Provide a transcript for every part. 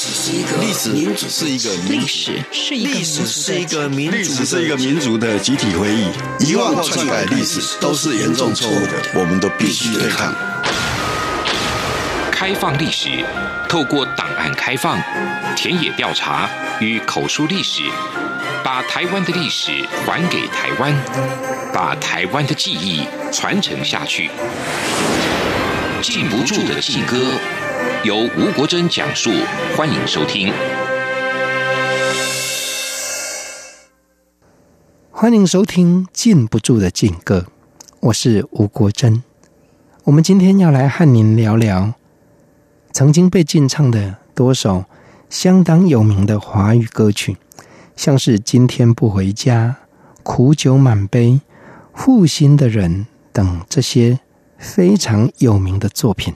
歷史是一個民族，是一個歷史，是一個民族的，歷史是一個民族的集體回憶。遺忘或篡改歷史都是嚴重錯誤的，誤的對我們都必須對抗。開放歷史，透過檔案開放、田野調查與口述歷史，把台灣的歷史還給台灣，把台灣的記憶傳承下去。禁不住的禁歌，由吳國珍講述。歡迎收聽。歡迎收聽《禁不住的禁歌》，我是吳國珍。我們今天要來和您聊聊曾經被禁唱的多首相當有名的華語歌曲，像是《今天不回家》、《苦酒滿杯》、《負心的人》等這些。非常有名的作品，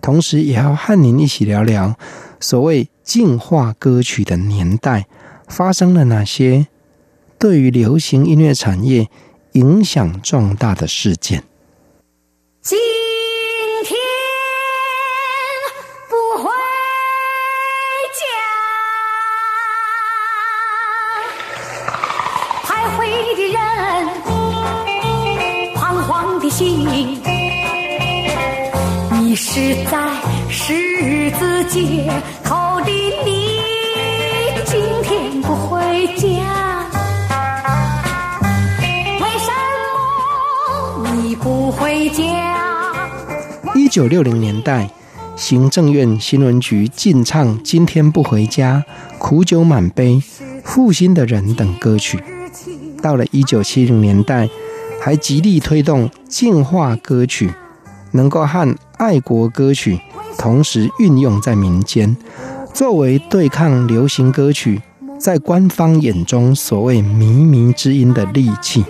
同時也要和您一起聊聊所謂“淨化歌曲”的年代發生了哪些對於流行音樂產業影響重大的事件。今天不回家，徘徊的人，彷徨的心。是在十字街頭的你今天不回家。為什麼你不回家，一九六零年代，行政院新聞局禁唱《今天不回家》《苦酒滿杯》《負心的人》等歌曲。到了一九七零年代，還極力推動淨化歌曲，能夠和，愛國歌曲同時運用在民間，作為對抗流行歌曲，在官方眼中所謂靡靡之音的利器。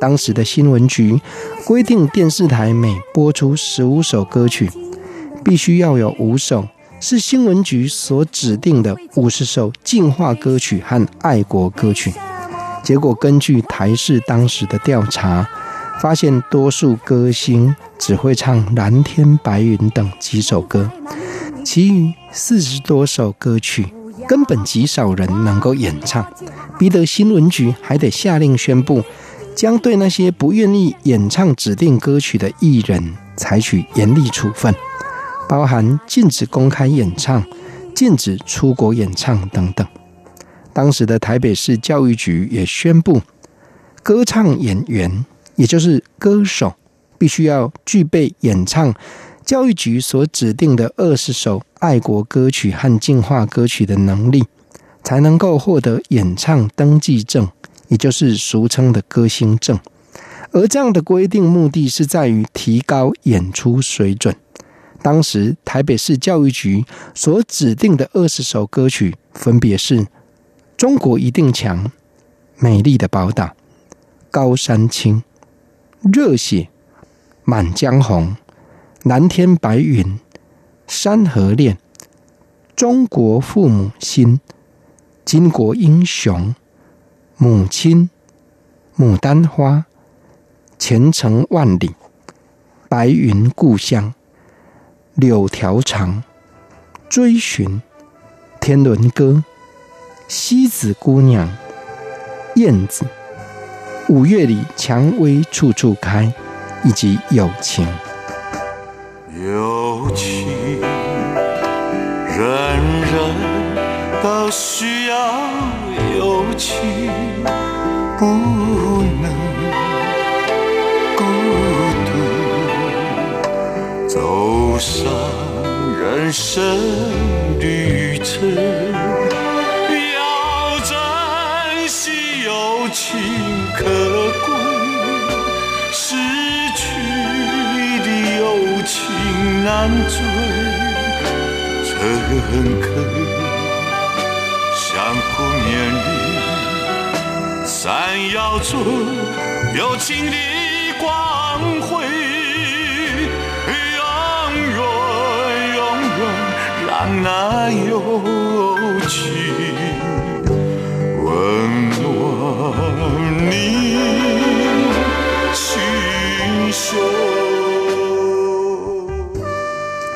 當時的新聞局規定，電視台每播出十五首歌曲，必須要有五首是新聞局所指定的五十首淨化歌曲和愛國歌曲。結果，根據台視當時的調查。發現多數歌星只會唱《藍天白雲》等幾首歌，其餘四十多首歌曲根本極少人能夠演唱，逼得新聞局還得下令宣布，將對那些不願意演唱指定歌曲的藝人採取嚴厲處分，包含禁止公開演唱、禁止出國演唱等等。當時的台北市教育局也宣布，歌唱演員。也就是歌手必須要具備演唱教育局所指定的二十首愛國歌曲和淨化歌曲的能力，才能夠獲得演唱登記證，也就是俗稱的歌星證。而這樣的規定目的是在於提高演出水準。當時台北市教育局所指定的二十首歌曲分別是《中國一定強》《美麗的寶島》《高山青》。熱血，滿江紅，藍天白雲，山河戀，中國父母心，巾幗英雄，母親，牡丹花，前程萬里，白雲故鄉，柳條長，追尋，天倫歌，西子姑娘，燕子。五月裡，薔薇處處開，以及友情。友情，人人都需要友情，不能孤獨走上人生的旅程。難追，誠懇，相互勉勵，閃耀着友情的光輝。永遠，永遠，讓那友情溫暖你心胸。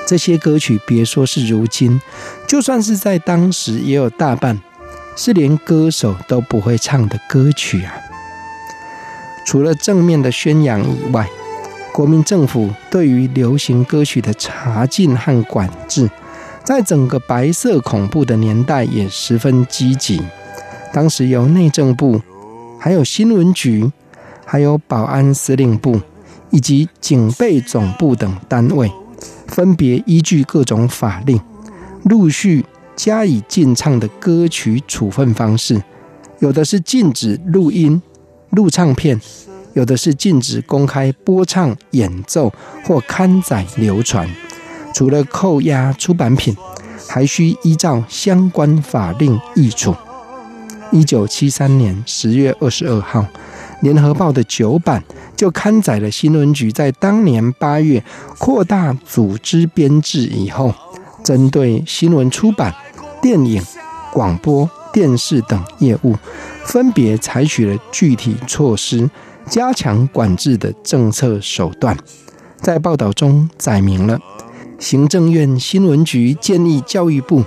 這些歌曲，別說是如今，就算是在當時，也有大半是連歌手都不會唱的歌曲啊。除了正面的宣揚以外，國民政府對於流行歌曲的查禁和管制，在整個白色恐怖的年代也十分積極。當時由內政部、還有新聞局、還有保安司令部以及警備總部等單位。分別依據各種法令，陸續加以禁唱的歌曲處分方式，有的是禁止錄音、錄唱片，有的是禁止公開播唱、演奏或刊載流傳。除了扣押出版品，還需依照相關法令議處。一九七三年十月二十二號。聯合報的九版就刊載了新聞局在當年八月擴大組織編製以後，針對新聞出版、電影、廣播、電視等業務，分別採取了具體措施，加強管制的政策手段。在報道中載明了行政院新聞局建議教育部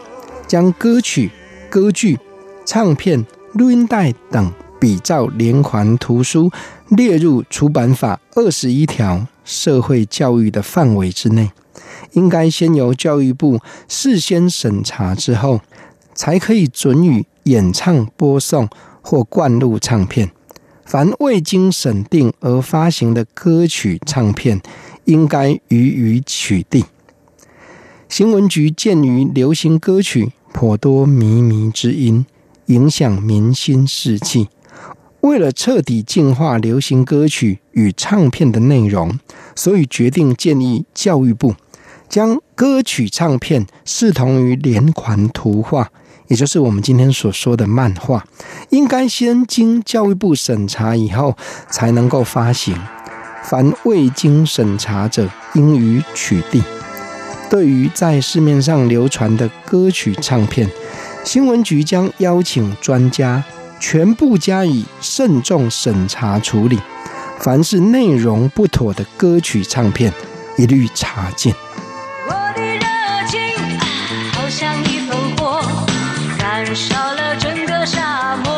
將歌曲、歌劇、唱片、錄音帶等。比照連環圖書列入出版法二十一條社會教育的範圍之內，應該先由教育部事先審查之後，才可以准予演唱、播送、或灌入唱片。凡未經審定而發行的歌曲唱片，應該予以取締。新聞局鑒於流行歌曲頗多靡靡之音，影響民心士氣。為了徹底淨化流行歌曲與唱片的內容，所以決定建議教育部將歌曲唱片視同於連環圖畫，也就是我們今天所說的漫畫，應該先經教育部審查以後才能夠發行。凡未經審查者，應予取締。對於在市面上流傳的歌曲唱片，新聞局將邀請專家。全部加以慎重審查處理，凡是內容不妥的歌曲唱片，一律查禁。我的熱情好像一團火，燃燒了整個沙漠。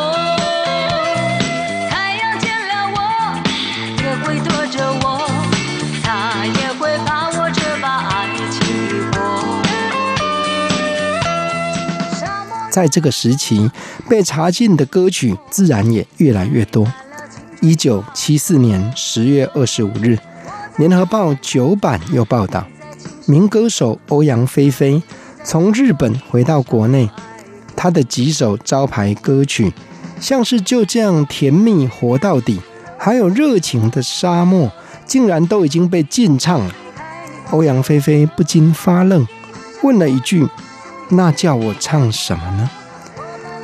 太陽見了我，也會躲著我，它也會怕我這把愛情的火。在這個時期。被查禁的歌曲自然也越來越多。一九七四年十月二十五日，《聯合報》九版又報道，名歌手歐陽菲菲從日本回到國內，她的幾首招牌歌曲，像是就這樣甜蜜活到底，還有熱情的沙漠，竟然都已經被禁唱了。歐陽菲菲不禁發愣，問了一句：“那叫我唱什麼呢？”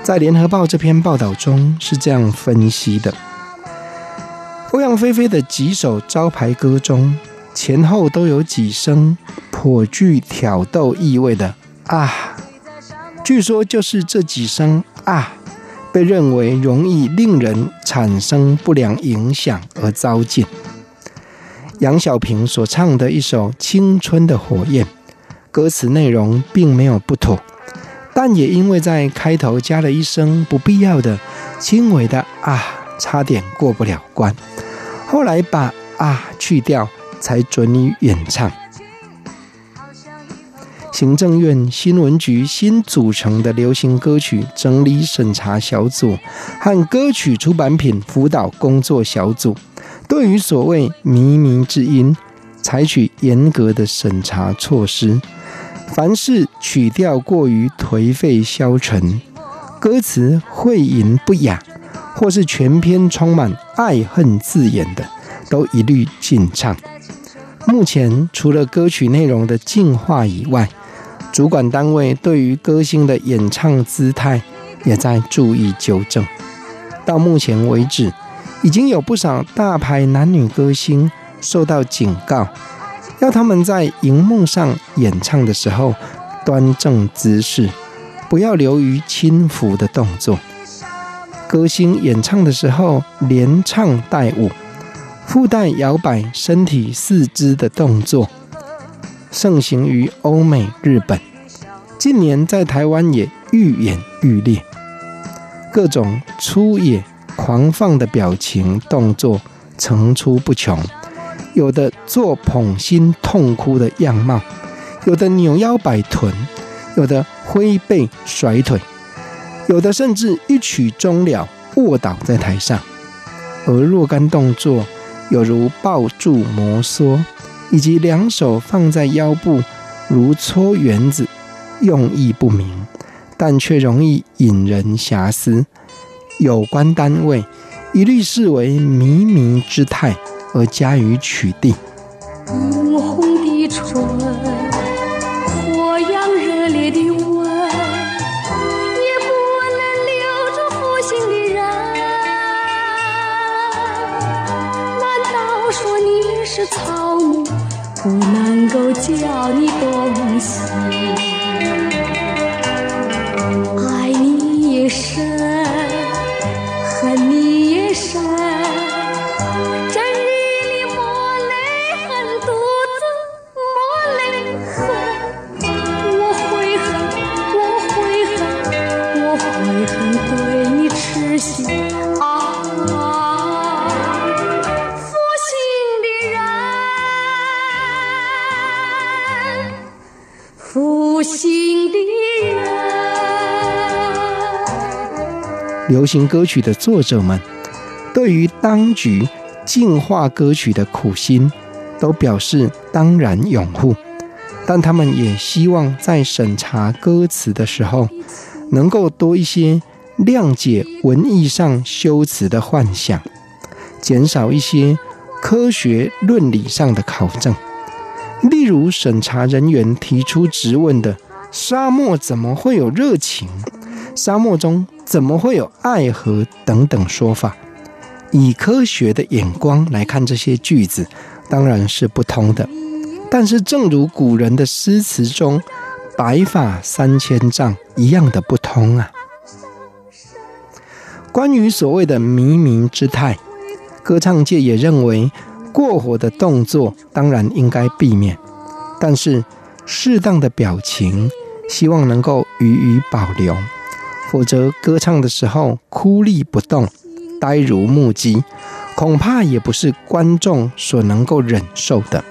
在《聯合報》這篇報道中是這樣分析的：歐陽菲菲的幾首招牌歌中，前後都有幾聲頗具挑逗意味的“啊”，據說就是這幾聲“啊”被認為容易令人產生不良影響而遭禁。楊小萍所唱的一首《青春的火焰》，歌詞內容並沒有不妥。但也因為在開頭加了一聲不必要的輕微的“啊”，差點過不了關。後來把“啊”去掉，才准予演唱。行政院新聞局新組成的流行歌曲整理審查小組和歌曲出版品輔導工作小組，對於所謂靡靡之音，採取嚴格的審查措施。凡是曲調過於頹廢消沉、歌詞誨淫不雅，或是全篇充滿愛恨字眼的，都一律禁唱。目前除了歌曲內容的淨化以外，主管單位對於歌星的演唱姿態也在注意糾正。到目前為止，已經有不少大牌男女歌星受到警告。要他們在熒幕上演唱的時候端正姿勢，不要流於輕浮的動作。歌星演唱的時候連唱帶舞，附帶搖擺身體四肢的動作，盛行於歐美、日本，近年在台灣也愈演愈烈，各種粗野、狂放的表情動作層出不窮。有的做捧心痛哭的樣貌，有的扭腰擺臀，有的揮背甩腿，有的甚至一曲終了臥倒在台上。而若干動作，有如抱柱摩挲，以及兩手放在腰部如搓圓子，用意不明，但卻容易引人遐思。有關單位一律視為靡靡之態。而加以取締。流行歌曲的作者們對於當局淨化歌曲的苦心，都表示當然擁護，但他們也希望在審查歌詞的時候，能夠多一些諒解文藝上修辭的幻想，減少一些科學論理上的考證。例如，審查人員提出質問的：“沙漠怎麼會有熱情？沙漠中？”怎麼會有愛河等等說法？以科學的眼光來看這些句子，當然是不通的。但是，正如古人的詩詞中“白髮三千丈”一樣的不通啊！關於所謂的靡靡之態，歌唱界也認為過火的動作當然應該避免，但是適當的表情，希望能夠予以保留。否則，歌唱的時候哭立不動、呆如木雞，恐怕也不是觀眾所能夠忍受的。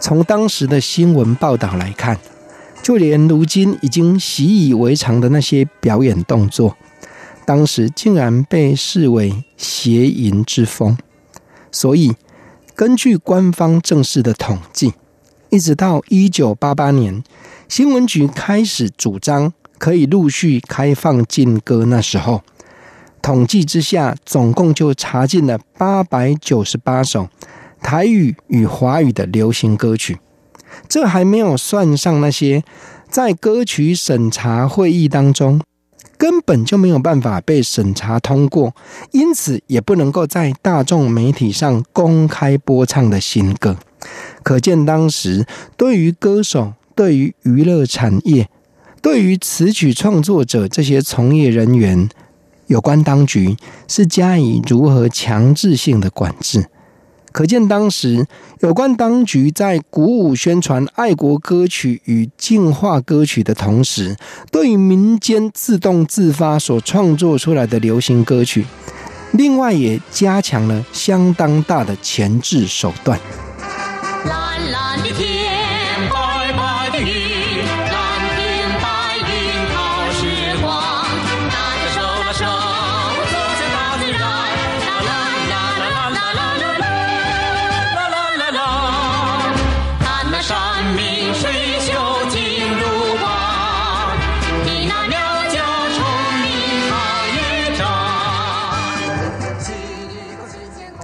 從當時的新聞報道來看，就連如今已經習以為常的那些表演動作，當時竟然被視為邪淫之風。所以，根據官方正式的統計，一直到一九八八年，新聞局開始主張。可以陸續開放禁歌。那時候統計之下，總共就查禁了八百九十八首台語與華語的流行歌曲。這還沒有算上那些在歌曲審查會議當中根本就沒有辦法被審查通過，因此也不能夠在大眾媒體上公開播唱的新歌。可見當時對於歌手，對於娛樂產業。對於詞曲創作者這些從業人員，有關當局是加以如何強制性的管制？可見當時有關當局在鼓舞宣傳愛國歌曲與淨化歌曲的同時，對於民間自動自發所創作出來的流行歌曲，另外也加強了相當大的箝制手段。藍藍的天。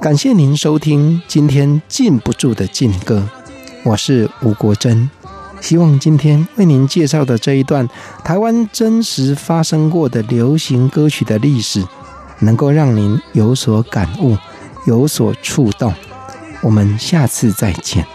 感謝您收聽今天禁不住的禁歌，我是吳國珍。希望今天為您介紹的這一段台灣真實發生過的流行歌曲的歷史，能夠讓您有所感悟，有所觸動。我們下次再見。